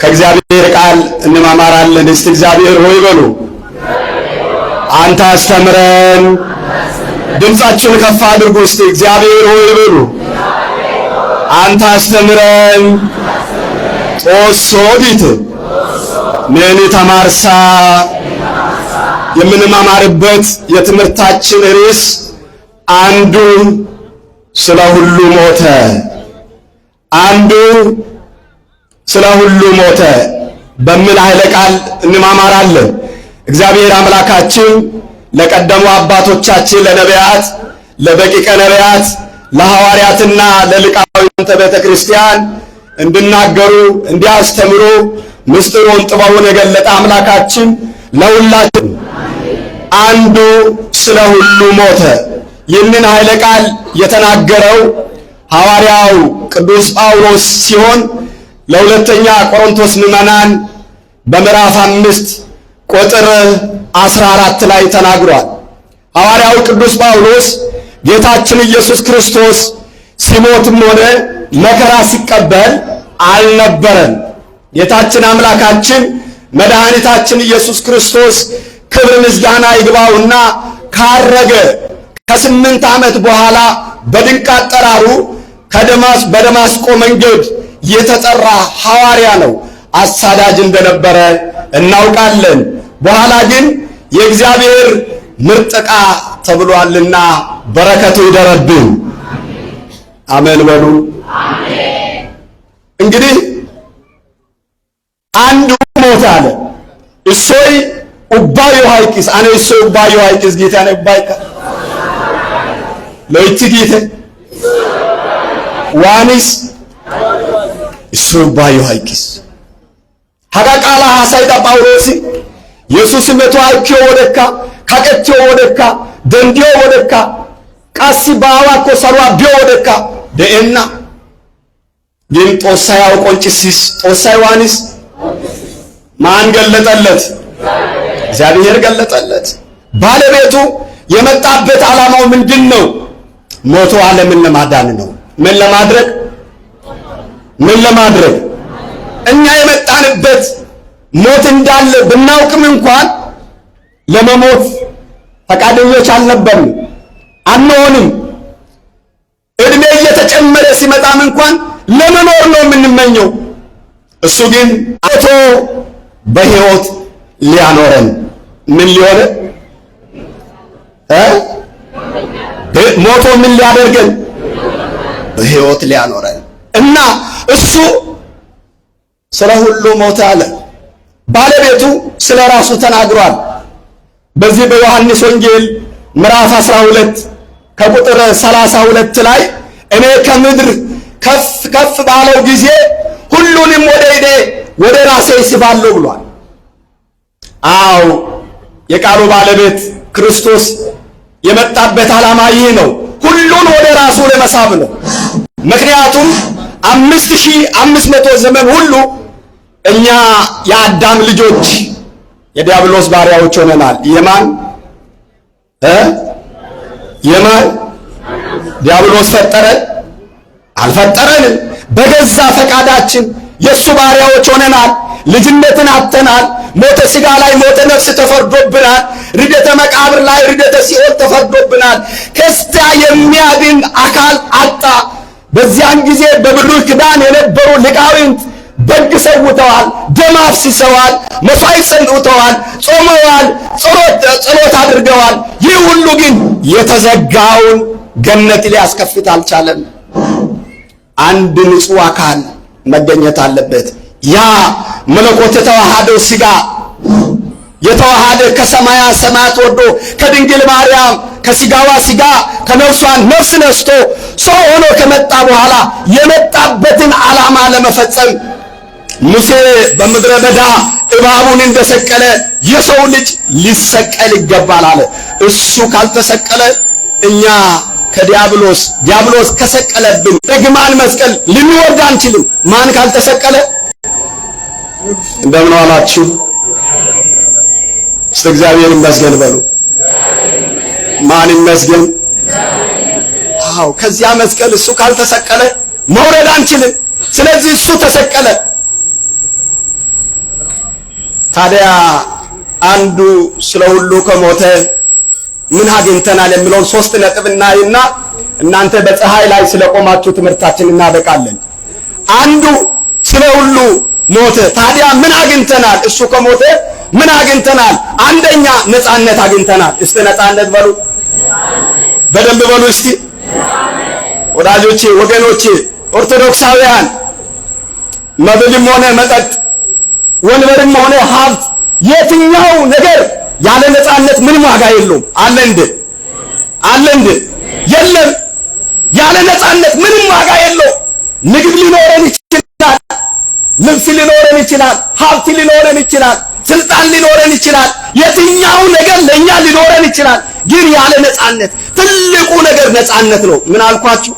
ከእግዚአብሔር ቃል እንማማራለን። እስቲ እግዚአብሔር ሆይ በሉ። አንተ አስተምረን። ድምፃችሁን ከፍ አድርጉ እስቲ። እግዚአብሔር ሆይ በሉ። አንተ አስተምረን። ጦሶ ምን ተማርሳ የምንማማርበት የትምህርታችን ርዕስ አንዱ ስለ ሁሉ ሞተ አንዱ ስለ ሁሉ ሞተ በሚል ኃይለ ቃል እንማማራለን። እግዚአብሔር አምላካችን ለቀደሙ አባቶቻችን ለነቢያት፣ ለደቂቀ ነቢያት፣ ለሐዋርያትና ለሊቃውንተ ቤተ ክርስቲያን እንዲናገሩ እንዲያስተምሩ ምስጢሩን ጥበቡን የገለጠ አምላካችን ለሁላችን አንዱ ስለ ሁሉ ሞተ። ይህንን ኃይለ ቃል የተናገረው ሐዋርያው ቅዱስ ጳውሎስ ሲሆን ለሁለተኛ ቆሮንቶስ ምዕመናን በምዕራፍ አምስት ቁጥር አስራ አራት ላይ ተናግሯል። ሐዋርያው ቅዱስ ጳውሎስ ጌታችን ኢየሱስ ክርስቶስ ሲሞትም ሆነ መከራ ሲቀበል አልነበረም። ጌታችን አምላካችን መድኃኒታችን ኢየሱስ ክርስቶስ ክብር ምስጋና ይግባውና ካረገ ከስምንት ዓመት በኋላ በድንቅ አጠራሩ ከደማስ በደማስቆ መንገድ የተጠራ ሐዋርያ ነው። አሳዳጅ እንደነበረ እናውቃለን። በኋላ ግን የእግዚአብሔር ምርጥቃ ተብሏልና በረከቱ ይደረብን። አሜን በሉ። እንግዲህ አንዱ ሞት አለ እሶይ ኡባዮ ሃይቂስ አነ እሶይ ኡባዮ ሃይቂስ ጌታ ነው ባይካ ለይቲ ጌታ ዋንስ እሱባ ዮሐንስ ሀቃቃላ ሐሳይታ ጳውሎስ ኢየሱስ መቶ አኪዮ ወደካ ካቀቲዮ ወደካ ደንዲዮ ወደካ ቃሲ ባዋኮ ሰሯ ቢዮ ወደካ ደኤና ግን ጦሳያው ቆንጭሲስ ጦሳይ ዋንስ ማን ገለጠለት? እግዚአብሔር ገለጠለት። ባለቤቱ የመጣበት ዓላማው ምንድን ነው? ሞቶ ዓለምን ለማዳን ነው። ምን ለማድረግ ምን ለማድረግ እኛ የመጣንበት ሞት እንዳለ ብናውቅም እንኳን ለመሞት ፈቃደኞች አልነበርንም፣ አንሆንም። እድሜ እየተጨመረ ሲመጣም እንኳን ለመኖር ነው የምንመኘው። እሱ ግን አቶ በህይወት ሊያኖረን ምን ሊሆነ ሞቶ ምን ሊያደርገን? በህይወት ሊያኖረን እና እሱ ስለ ሁሉ ሞተ አለ። ባለቤቱ ስለ ራሱ ተናግሯል። በዚህ በዮሐንስ ወንጌል ምዕራፍ 12 ከቁጥር 32 ላይ እኔ ከምድር ከፍ ከፍ ባለው ጊዜ ሁሉንም ወደ እኔ ወደ ራሴ ይስባለሁ ብሏል። አዎ የቃሉ ባለቤት ክርስቶስ የመጣበት ዓላማ ይህ ነው፣ ሁሉን ወደ ራሱ ለመሳብ ነው። ምክንያቱም አምስት ሺህ አምስት መቶ ዘመን ሁሉ እኛ የአዳም ልጆች የዲያብሎስ ባሪያዎች ሆነናል። የማን እ የማን ዲያብሎስ ፈጠረን? አልፈጠረንም። በገዛ ፈቃዳችን የእሱ ባሪያዎች ሆነናል። ልጅነትን አጥተናል። ሞተ ሥጋ ላይ ሞተ ነፍስ ተፈርዶብናል። ርደተ መቃብር ላይ ርደተ ሲኦል ተፈርዶብናል። ከዚያ የሚያድን አካል አጣ። በዚያን ጊዜ በብሉይ ኪዳን የነበሩ ሊቃውንት በግ ሰውተዋል፣ ደም አፍስሰዋል፣ መሥዋዕት ሰውተዋል፣ ጾመዋል፣ ጸሎት አድርገዋል። ይህ ሁሉ ግን የተዘጋውን ገነት ሊያስከፍት አልቻለም። አንድ ንጹሕ አካል መገኘት አለበት። ያ መለኮት የተዋሃደው ሥጋ የተዋሃደ ከሰማያ ሰማያት ወርዶ ከድንግል ማርያም ከስጋዋ ስጋ ከነፍሷ ነፍስ ነስቶ ሰው ሆኖ ከመጣ በኋላ የመጣበትን ዓላማ ለመፈጸም ሙሴ በምድረ በዳ እባቡን እንደሰቀለ የሰው ልጅ ሊሰቀል ይገባል አለ። እሱ ካልተሰቀለ እኛ ከዲያብሎስ ዲያብሎስ ከሰቀለብን እግማን መስቀል ልንወድ አንችልም። ማን ካልተሰቀለ እንደምን ዋላችሁ? እስከ እግዚአብሔር ይመስገን በሉ። ማን ይመስገን? አዎ ከዚያ መስቀል እሱ ካልተሰቀለ መውረድ አንችልም። ስለዚህ እሱ ተሰቀለ። ታዲያ አንዱ ስለ ሁሉ ከሞተ ምን አግኝተናል የሚለውን ሶስት ነጥብ እናይና እናንተ በፀሐይ ላይ ስለቆማችሁ ትምህርታችን እናበቃለን። አንዱ ስለ ሁሉ ሞተ። ታዲያ ምን አግኝተናል? እሱ ከሞተ ምን አግኝተናል? አንደኛ ነፃነት አግኝተናል። እስከ ነፃነት በሉ በደንብ በሉ እስቲ ወዳጆቼ፣ ወገኖቼ ኦርቶዶክሳውያን መብልም ሆነ መጠጥ፣ ወንበርም ሆነ ሀብት፣ የትኛው ነገር ያለ ነፃነት ምንም ዋጋ የለውም። አለ እንደ አለ እንደ የለም። ያለ ነፃነት ምንም ዋጋ የለውም። ንግድ ሊኖረን ልብስ ሊኖረን ይችላል፣ ሀብት ሊኖረን ይችላል፣ ስልጣን ሊኖረን ይችላል፣ የትኛው ነገር ለኛ ሊኖረን ይችላል። ግን ያለ ነጻነት ትልቁ ነገር ነጻነት ነው። ምን አልኳችሁ?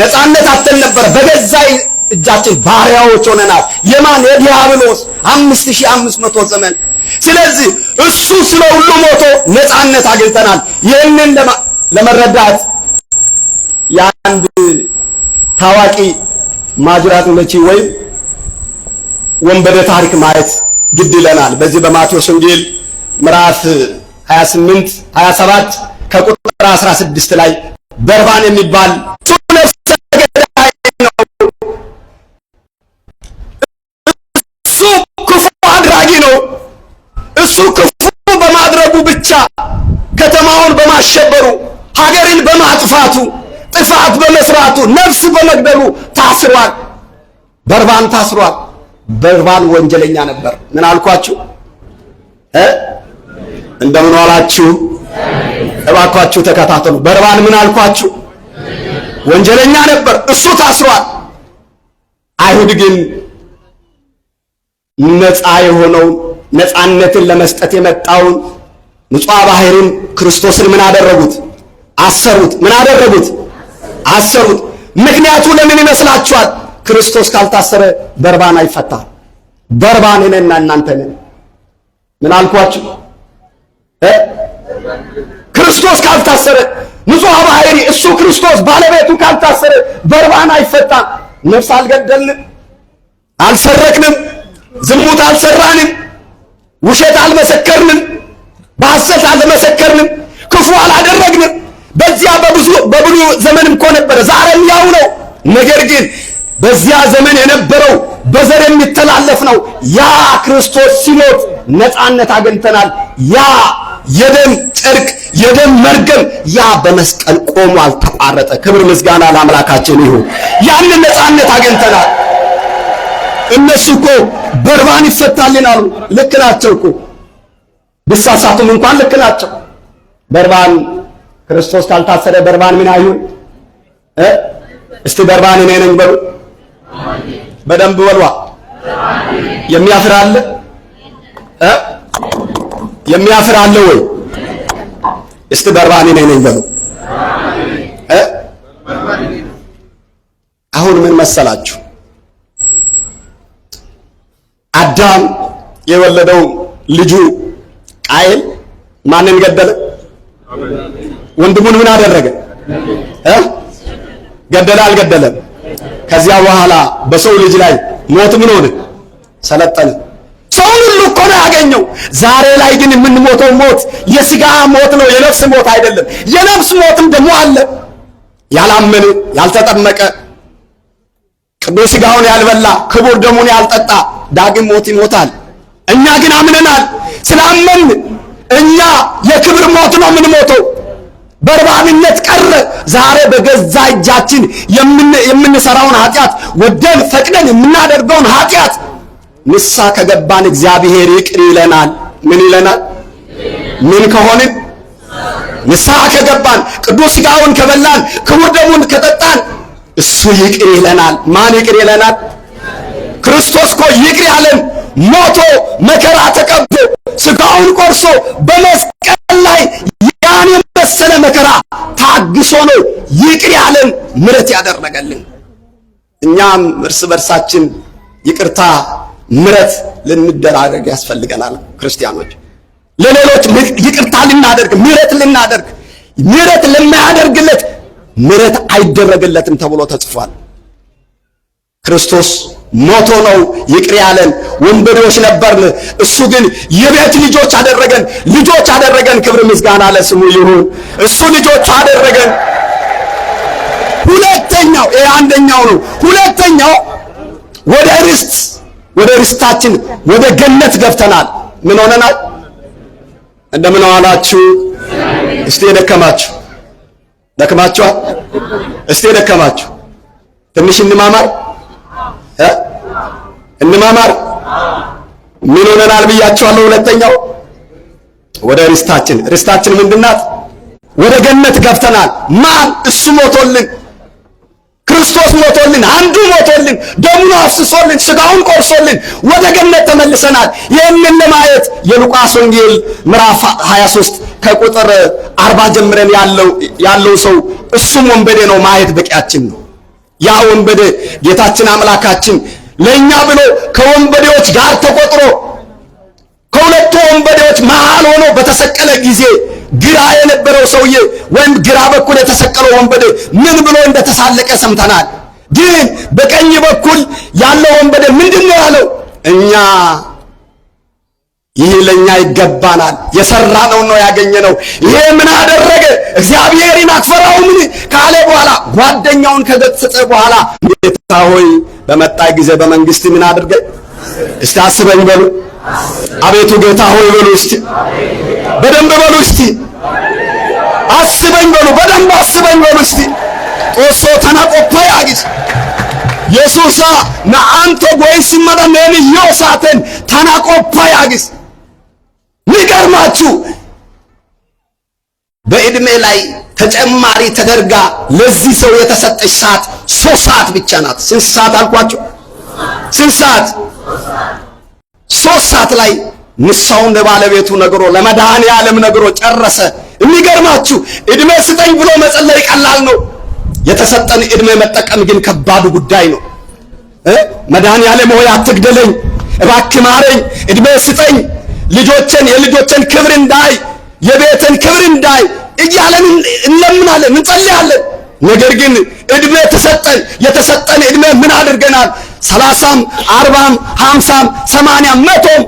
ነጻነት አተን ነበር በገዛ እጃችን ባሪያዎች ሆነናል። የማን የዲያብሎስ 5500 ዘመን። ስለዚህ እሱ ስለ ሁሉ ሞቶ ነጻነት አግኝተናል። ይህንን ለመረዳት የአንድ ታዋቂ ማጅራት መቺ ወይም ወንበደ ታሪክ ማየት ግድ ይለናል። በዚህ በማቴዎስ ወንጌል ምዕራፍ 28 27 ከቁጥር 16 ላይ በርባን የሚባል እሱ ክፉ አድራጊ ነው። እሱ ክፉ በማድረጉ ብቻ ከተማውን በማሸበሩ ሀገርን በማጥፋቱ ጥፋት በመስራቱ ነፍስ በመግደሉ ታስሯል። በርባን ታስሯል። በርባል ወንጀለኛ ነበር። ምን አልኳችሁ? እንደምን ዋላችሁ? እባካችሁ ተከታተሉ። በርባል ምን አልኳችሁ? ወንጀለኛ ነበር። እሱ ታስሯል። አይሁድ ግን ነፃ የሆነውን ነፃነትን ለመስጠት የመጣውን ንጹሐ ባህርን ክርስቶስን ምን አደረጉት? አሰሩት። ምን አደረጉት? አሰሩት። ምክንያቱ ለምን ይመስላችኋል? ክርስቶስ ካልታሰረ ደርባን አይፈታ። ደርባን እኔና እናንተ ነን። ምን አልኳችሁ? ክርስቶስ ካልታሰረ ንጹሐ ባህሪ እሱ ክርስቶስ ባለቤቱ ካልታሰረ ደርባን አይፈታም። ነፍስ አልገደልንም፣ አልሰረቅንም፣ ዝሙት አልሰራንም፣ ውሸት አልመሰከርንም፣ በሐሰት አልመሰከርንም፣ ክፉ አላደረግንም። በዚያ በብዙ በብሉይ ዘመንም እኮ ነበረ፣ ዛሬም ያው ነው። ነገር ግን በዚያ ዘመን የነበረው በዘር የሚተላለፍ ነው። ያ ክርስቶስ ሲሞት ነፃነት አግኝተናል። ያ የደም ጨርቅ የደም መርገም ያ በመስቀል ቆሞ አልተቋረጠ ክብር ምስጋና ለአምላካችን ይሁን። ያንን ነፃነት አግኝተናል። እነሱ እኮ በርባን ይፈታልን አሉ። ልክ ናቸው እኮ ብሳሳቱም እንኳን ልክ ናቸው። በርባን ክርስቶስ ካልታሰረ በርባን ምን አይሁን? እስቲ በርባን እኔ ነኝ በሉ። በደንብ በሏ። የሚያፍር አለ እ የሚያፍር አለ ወይ? እስቲ በርባኔ ነኝ ነኝ በሉ። እ አሁን ምን መሰላችሁ? አዳም የወለደው ልጁ ቃየል ማንን ገደለ? ወንድሙን ምን አደረገ? እ ገደለ አልገደለም? ከዚያ በኋላ በሰው ልጅ ላይ ሞት ምን ሆነ? ሰለጠነ። ሰው ሁሉ እኮ ነው ያገኘው። ዛሬ ላይ ግን የምንሞተው ሞት የስጋ ሞት ነው፣ የነፍስ ሞት አይደለም። የነፍስ ሞትም ደግሞ አለ። ያላመነ ያልተጠመቀ ቅዱስ ሥጋውን ያልበላ ክቡር ደሙን ያልጠጣ ዳግም ሞት ይሞታል። እኛ ግን አምነናል። ስላመን እኛ የክብር ሞት ነው የምንሞተው። በርባምነት ቀረ። ዛሬ በገዛ እጃችን የምንሰራውን ኃጢአት ወደን ፈቅደን የምናደርገውን ኃጢአት ንሳ ከገባን እግዚአብሔር ይቅር ይለናል። ምን ይለናል? ምን ከሆንን ንሳ ከገባን ቅዱስ ሥጋውን ከበላን ክቡር ደሙን ከጠጣን እሱ ይቅር ይለናል። ማን ይቅር ይለናል? ክርስቶስ እኮ ይቅር ያለን ሞቶ መከራ ተቀብቶ ሥጋውን ቆርሶ በመስቀል ላይ የመሰለ መከራ ታግሶ ነው ይቅር ያለን ምረት ያደረገልን። እኛም እርስ በርሳችን ይቅርታ ምረት ልንደራደግ ያስፈልገናል። ክርስቲያኖች ለሌሎች ይቅርታ ልናደርግ ምረት ልናደርግ ምረት ለማያደርግለት ምረት አይደረግለትም ተብሎ ተጽፏል። ክርስቶስ ሞቶ ነው ይቅር ያለን። ወንበዴዎች ነበርን፣ እሱ ግን የቤት ልጆች አደረገን። ልጆች አደረገን። ክብር ምስጋና ለስሙ ይሁን። እሱ ልጆች አደረገን። ሁለተኛው ይሄ አንደኛው ነው። ሁለተኛው ወደ ርስት ወደ ርስታችን ወደ ገነት ገብተናል። ምን ሆነናል? እንደምን ዋላችሁ? እስቲ ደከማችሁ፣ ደክማችኋል። እስቲ ደከማችሁ፣ ትንሽ እንማማር እንማማር ምን ሆነናል ብያቸዋለሁ። ሁለተኛው ወደ ርስታችን ርስታችን ምንድናት? ወደ ገነት ገብተናል። ማን? እሱ ሞቶልን፣ ክርስቶስ ሞቶልን፣ አንዱ ሞቶልን፣ ደሙን አፍስሶልን፣ ስጋውን ቆርሶልን ወደ ገነት ተመልሰናል። ይህንን ለማየት የሉቃስ ወንጌል ምዕራፍ 23 ከቁጥር 40 ጀምረን ያለው ያለው ሰው እሱም ወንበዴ ነው ማየት በቂያችን ነው። ያ ወንበዴ ጌታችን አምላካችን ለእኛ ብሎ ከወንበዴዎች ጋር ተቆጥሮ ከሁለቱ ወንበዴዎች መሃል ሆኖ በተሰቀለ ጊዜ ግራ የነበረው ሰውዬ ወይም ግራ በኩል የተሰቀለው ወንበዴ ምን ብሎ እንደተሳለቀ ሰምተናል። ግን በቀኝ በኩል ያለው ወንበዴ ምንድን ነው ያለው? እኛ ይህ ለኛ ይገባናል። የሰራ ነው ነው ያገኘ ነው። ይሄ ምን አደረገ? እግዚአብሔርን ምን ካለ በኋላ ጓደኛውን ከገሰጸ በኋላ ጌታ ሆይ በመጣ ጊዜ በመንግስት ምን አድርገ እስቲ አስበኝ በሉ። አቤቱ ጌታ ሆይ በሉ እስቲ፣ በደንብ በሉ እስቲ፣ አስበኝ በሉ፣ በደንብ አስበኝ በሉ እስቲ። ጦሶ ተናቆፓ ያግዝ የሱሳ ጎይ ሲመረ ኔን ዮሳተን ተናቆፓ ያግዝ ሚገርማችሁ በእድሜ ላይ ተጨማሪ ተደርጋ ለዚህ ሰው የተሰጠች ሰዓት ሶስት ሰዓት ብቻ ናት። ስንት ሰዓት አልኳቸው? ስንት ሰዓት? ሶስት ሰዓት ላይ ምሳውን ለባለቤቱ ነግሮ ለመድኃኔዓለም ነግሮ ጨረሰ። የሚገርማችሁ እድሜ ስጠኝ ብሎ መጸለይ ቀላል ነው። የተሰጠን እድሜ መጠቀም ግን ከባዱ ጉዳይ ነው። መድኃኔዓለም ሆይ አትግደለኝ፣ እባክህ ማረኝ፣ እድሜ ስጠኝ ልጆችን የልጆችን ክብር እንዳይ የቤትን ክብር እንዳይ እያለን እንለምናለን፣ እንጸልያለን። ነገር ግን እድሜ ተሰጠን። የተሰጠን እድሜ ምን አድርገናል? ሰላሳም አርባም ሀምሳም ሰማንያም መቶም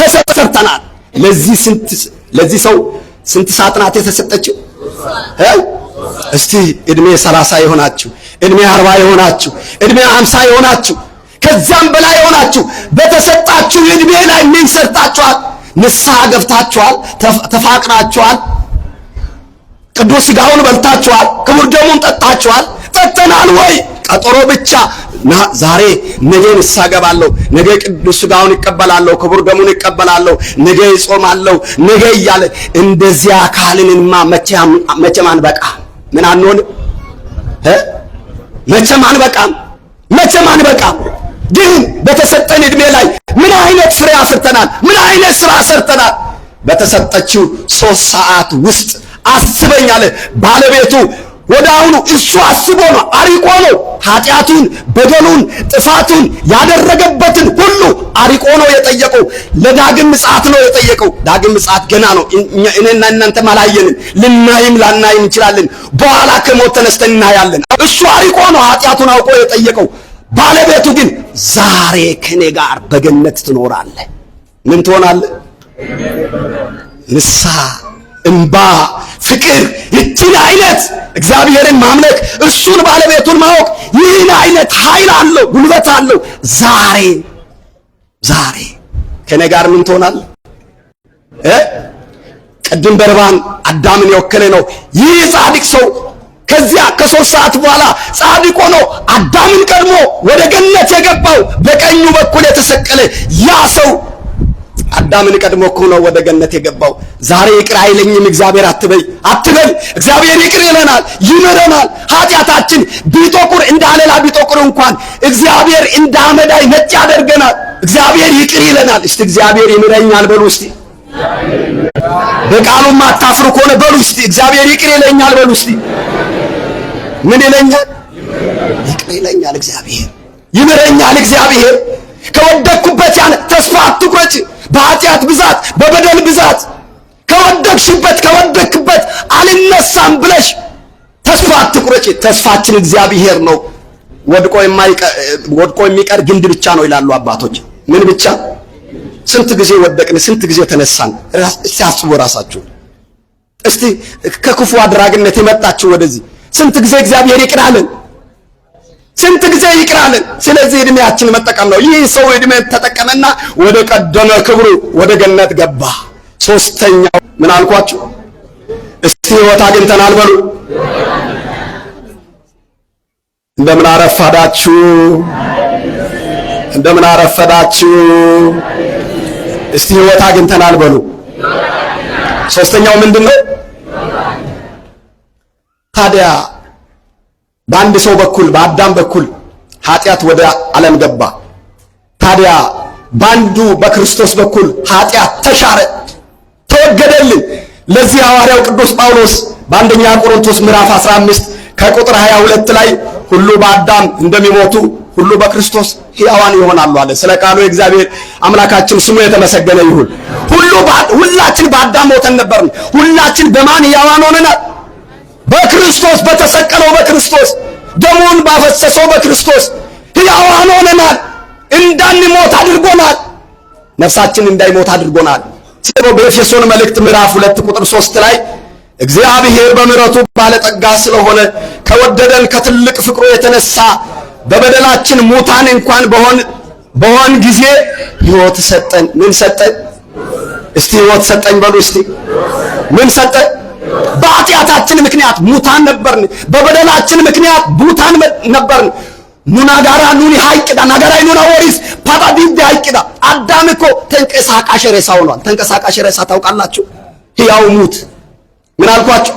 ተሰጥተናል። ለዚህ ስንት ለዚህ ሰው ስንት ሰዓት ናት የተሰጠችው? እስቲ እድሜ ሰላሳ የሆናችሁ እድሜ አርባ የሆናችሁ እድሜ አምሳ የሆናችሁ ከዛም በላይ ሆናችሁ በተሰጣችሁ ዕድሜ ላይ ምን ሰርታችኋል? ንስሐ ገብታችኋል? ተፋቅራችኋል? ቅዱስ ሥጋውን በልታችኋል? ክቡር ደሙን ጠጣችኋል? ጠጥተናል ወይ? ቀጠሮ ብቻ ና ዛሬ ነገ ንስሐ ገባለሁ፣ ነገ ቅዱስ ሥጋውን ይቀበላለሁ፣ ክቡር ደሙን ይቀበላለሁ፣ ነገ ይጾማለሁ፣ ነገ እያለ እንደዚያ አካልንማ መቼም አንበቃም። ምን አንሆንም፣ መቼም አንበቃም፣ መቼም አንበቃም። ግን በተሰጠን እድሜ ላይ ምን አይነት ፍሬ አፍርተናል? ምን አይነት ስራ ሰርተናል? በተሰጠችው ሶስት ሰዓት ውስጥ አስበኝ አለ ባለቤቱ። ወደ አሁኑ እሱ አስቦ ነው አሪቆ ነው ኃጢአቱን፣ በደሉን፣ ጥፋቱን ያደረገበትን ሁሉ አሪቆ ነው የጠየቀው። ለዳግም ምጽአት ነው የጠየቀው። ዳግም ምጽአት ገና ነው። እኔና እናንተም አላየንም። ልናይም ላናይም እንችላለን። በኋላ ከሞት ተነስተን እናያለን። እሱ አሪቆ ነው ኃጢአቱን አውቆ የጠየቀው። ባለቤቱ ግን ዛሬ ከኔ ጋር በገነት ትኖራለህ። ምን ትሆናለህ? ንሳ እንባ፣ ፍቅር ይህችን አይነት እግዚአብሔርን ማምለክ እርሱን ባለቤቱን ማወቅ ይህን አይነት ኃይል አለው፣ ጉልበት አለው። ዛሬ ዛሬ ከኔ ጋር ምን ትሆናል? ቅድም በርባን አዳምን የወከለ ነው። ይህ ጻድቅ ሰው ከዚያ ከሶስት ሰዓት በኋላ ጻድቅ ሆኖ አዳምን ቀድሞ ወደ ገነት የገባው በቀኙ በኩል የተሰቀለ ያ ሰው አዳምን ቀድሞ እኮ ወደ ገነት የገባው። ዛሬ ይቅር አይለኝም እግዚአብሔር አትበይ አትበል። እግዚአብሔር ይቅር ይለናል፣ ይምረናል። ኃጢአታችን ቢጠቁር እንደ አለላ ቢጠቁር እንኳን እግዚአብሔር እንደ አመዳይ ነጭ ያደርገናል። እግዚአብሔር ይቅር ይለናል። እስቲ እግዚአብሔር ይምረኛል በሉ እስቲ። በቃሉም አታፍሩ ከሆነ በሉ እስቲ እግዚአብሔር ይቅር ይለኛል በሉ እስቲ። ምን ይለኛል? ይቅር ይለኛል እግዚአብሔር፣ ይምረኛል እግዚአብሔር። ከወደቅኩበት ያለ ተስፋ አትቁረጭ። በኃጢአት ብዛት፣ በበደል ብዛት ከወደቅሽበት ከወደቅበት አልነሳም ብለሽ ተስፋ አትቁረጭ። ተስፋችን እግዚአብሔር ነው። ወድቆ የሚቀር ግንድ ብቻ ነው ይላሉ አባቶች። ምን ብቻ? ስንት ጊዜ ወደቅን፣ ስንት ጊዜ ተነሳን። እስቲ አስቡ ራሳችሁ። እስቲ ከክፉ አድራጊነት የመጣችሁ ወደዚህ ስንት ጊዜ እግዚአብሔር ይቅራልን? ስንት ጊዜ ይቅራልን? ስለዚህ እድሜያችን መጠቀም ነው። ይህ ሰው እድሜ ተጠቀመና ወደ ቀደመ ክብሩ ወደ ገነት ገባ። ሶስተኛው ምን አልኳችሁ? እስቲ ህይወት አግኝተናል በሉ። እንደምን አረፈዳችሁ? እንደምን አረፈዳችሁ? እስቲ ህይወት አግኝተናል በሉ። ሶስተኛው ምንድን ነው? ታዲያ በአንድ ሰው በኩል በአዳም በኩል ኃጢአት ወደ ዓለም ገባ። ታዲያ በአንዱ በክርስቶስ በኩል ኃጢአት ተሻረ፣ ተወገደልን። ለዚህ ሐዋርያው ቅዱስ ጳውሎስ በአንደኛ ቆሮንቶስ ምዕራፍ 15 ከቁጥር 22 ላይ ሁሉ በአዳም እንደሚሞቱ ሁሉ በክርስቶስ ሕያዋን ይሆናሉ አለ። ስለ ቃሉ የእግዚአብሔር አምላካችን ስሙ የተመሰገነ ይሁን። ሁሉ ሁላችን በአዳም ሞተን ነበርን። ሁላችን በማን ሕያዋን ሆነናል? በክርስቶስ በተሰቀለው በክርስቶስ ደሙን ባፈሰሰው በክርስቶስ ሕያዋን ሆነናል። እንዳንሞት አድርጎናል። ነፍሳችን እንዳይሞት አድርጎናል። ጽሮ በኤፌሶን መልእክት ምዕራፍ ሁለት ቁጥር ሶስት ላይ እግዚአብሔር በምሕረቱ ባለጠጋ ስለሆነ ከወደደን ከትልቅ ፍቅሩ የተነሳ በበደላችን ሙታን እንኳን በሆን በሆን ጊዜ ሕይወት ሰጠን። ምን ሰጠን? እስቲ ሕይወት ሰጠኝ በሉ እስቲ ምን ሰጠን? በኃጢአታችን ምክንያት ሙታን ነበርን። በበደላችን ምክንያት ቡታን ነበርን። ኑናጋራ ኑኒ ሀይቅዳ ናጋራይ ኑና ወሪስ ፓጣዲድ ሀይቅዳ አዳም እኮ ተንቀሳቃሽ ሬሳ ሆኗል። ተንቀሳቃሽ ሬሳ ታውቃላችሁ? ሕያው ሙት ምን አልኳችሁ?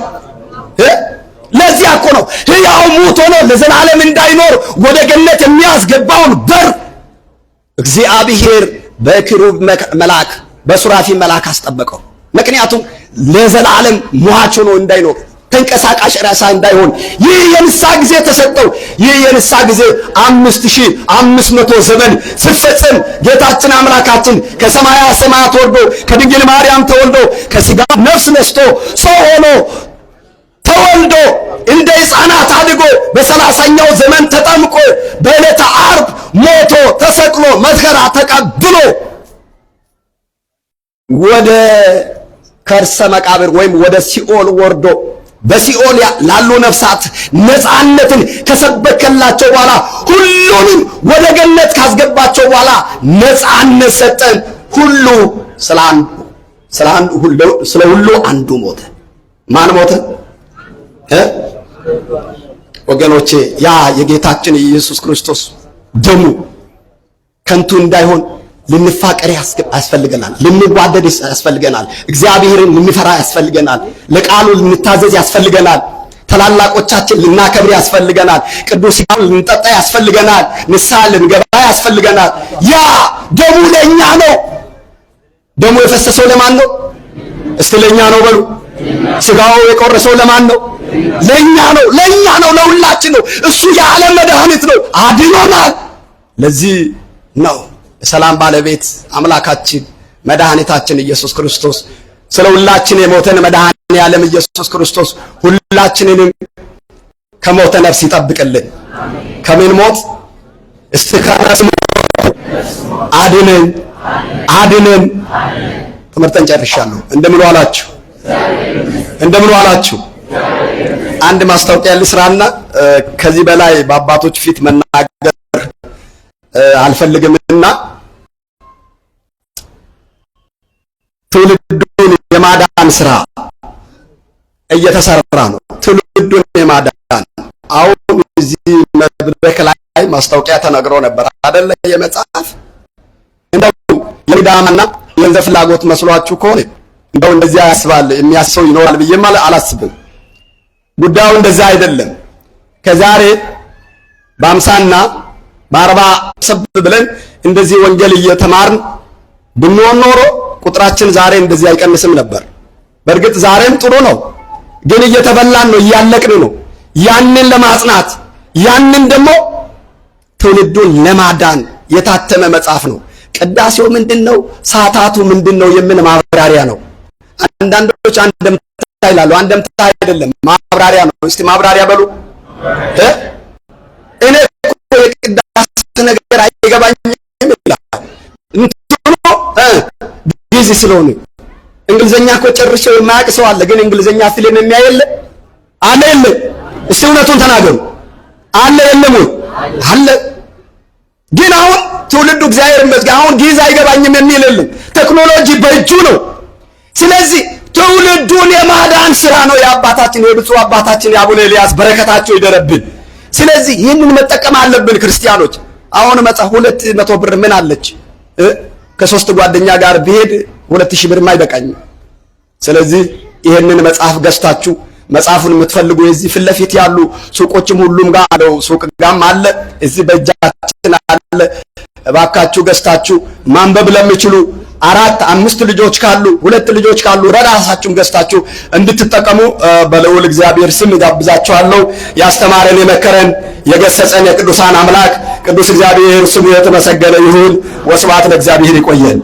ለዚያ እኮ ነው ህያው ሙት ሆኖ ለዘላለም እንዳይኖር ወደ ገነት የሚያስገባውን በር እግዚአብሔር በክሩብ መልአክ በሱራፊ መልአክ አስጠበቀው። ምክንያቱም ለዘላለም ሟች ሆኖ እንዳይኖር ተንቀሳቃሽ ረሳ እንዳይሆን ይህ የንሳ ጊዜ ተሰጠው። ይህ የንሳ ጊዜ አምስት ሺህ አምስት መቶ ዘመን ሲፈጸም ጌታችን አምላካችን ከሰማያ ሰማያት ወርዶ ከድንግል ማርያም ተወልዶ ከስጋ ነፍስ ነስቶ ሰው ሆኖ ተወልዶ እንደ ሕፃናት አድጎ በሰላሳኛው ዘመን ተጠምቆ በዕለተ ዓርብ ሞቶ ተሰቅሎ መከራ ተቀብሎ ወደ ከርሰ መቃብር ወይም ወደ ሲኦል ወርዶ በሲኦል ላሉ ነፍሳት ነፃነትን ከሰበከላቸው በኋላ ሁሉንም ወደ ገነት ካስገባቸው በኋላ ነፃነት ሰጠን። ሁሉ ስለ ሁሉ አንዱ ሞተ። ማን ሞተ ወገኖቼ? ያ የጌታችን ኢየሱስ ክርስቶስ ደሙ ከንቱ እንዳይሆን ልንፋቀር ያስፈልገናል። ልንዋደድ ያስፈልገናል። እግዚአብሔርን ልንፈራ ያስፈልገናል። ለቃሉ ልንታዘዝ ያስፈልገናል። ታላላቆቻችን ልናከብር ያስፈልገናል። ቅዱስ ቃሉ ልንጠጣ ያስፈልገናል። ንስሐ ልንገባ ያስፈልገናል። ያ ደሙ ለእኛ ነው። ደሙ የፈሰሰው ለማን ነው? እስቲ ለእኛ ነው በሉ። ስጋው የቆረሰው ለማን ነው? ለእኛ ነው። ለእኛ ነው። ለሁላችን ነው። እሱ የዓለም መድኃኒት ነው። አድኖናል። ለዚህ ነው የሰላም ባለቤት አምላካችን መድኃኒታችን ኢየሱስ ክርስቶስ ስለ ሁላችን የሞተን መድኃኔ ያለም ኢየሱስ ክርስቶስ ሁላችንንም ከሞተ ነፍስ ይጠብቅልን። ከምን ሞት እስቲ ከነፍስ አድነን አድነን። ትምህርትን ጨርሻለሁ። እንደምን ዋላችሁ? እንደምን ዋላችሁ? አንድ ማስታወቂያ ልስራና ከዚህ በላይ በአባቶች ፊት መናገር አልፈልግምና ትውልዱን የማዳን ስራ እየተሰራ ነው። ትውልዱን የማዳን አሁን እዚህ መድረክ ላይ ማስታወቂያ ተነግሮ ነበር አደለ? የመጽሐፍ እንደው የዳማና የገንዘብ ፍላጎት መስሏችሁ ከሆነ እንደው እንደዚያ ያስባል የሚያስሰው ይኖራል ብዬም አላስብም። ጉዳዩ እንደዛ አይደለም። ከዛሬ በአምሳና በአርባ ሰብ ብለን እንደዚህ ወንጌል እየተማርን ብንሆን ኖሮ ቁጥራችን ዛሬ እንደዚህ አይቀንስም ነበር። በእርግጥ ዛሬም ጥሩ ነው፣ ግን እየተበላን ነው፣ እያለቅን ነው። ያንን ለማጽናት ያንን ደግሞ ትውልዱን ለማዳን የታተመ መጽሐፍ ነው። ቅዳሴው ምንድን ነው? ሳታቱ ምንድን ነው? የምን ማብራሪያ ነው። አንዳንዶች አንደምታ ይላሉ። አንደምታ አይደለም ማብራሪያ ነው። እስቲ ማብራሪያ በሉ። እኔ እኮ የቅዳሴ ነገር አይገባኝ እንግሊዝ ስለሆነ እንግሊዘኛ እኮ ጨርሼ የማያውቅ ሰው አለ። ግን እንግሊዘኛ ፊልም የሚያይ የለ አለ የለ? እስቲ እውነቱን ተናገሩ። አለ የለም ወይ? አለ። ግን አሁን ትውልዱ እግዚአብሔር ይመስገን አሁን ጊዜ አይገባኝም የሚል የለም። ቴክኖሎጂ በእጁ ነው። ስለዚህ ትውልዱን የማዳን ስራ ነው የአባታችን የብፁዕ አባታችን የአቡነ ኤልያስ በረከታቸው ይደረብን። ስለዚህ ይህንን መጠቀም አለብን ክርስቲያኖች። አሁን መጽሐፍ ሁለት መቶ ብር ምን አለች ከሶስት ጓደኛ ጋር ብሄድ ሁለት ሺህ ብርም አይበቃኝም። ስለዚህ ይሄንን መጽሐፍ ገዝታችሁ መጽሐፉን የምትፈልጉ የዚህ ፊት ለፊት ያሉ ሱቆችም ሁሉም ጋር አለው። ሱቅ ጋም አለ፣ እዚህ በእጃችን አለ። እባካችሁ ገዝታችሁ ማንበብ ለሚችሉ አራት አምስት ልጆች ካሉ ሁለት ልጆች ካሉ ራሳችሁን ገዝታችሁ እንድትጠቀሙ በልዑል እግዚአብሔር ስም ይጋብዛችኋለሁ። ያስተማረን የመከረን የገሰጸን የቅዱሳን አምላክ ቅዱስ እግዚአብሔር ስሙ የተመሰገነ ይሁን። ወስብሐት ለእግዚአብሔር። ይቆየን።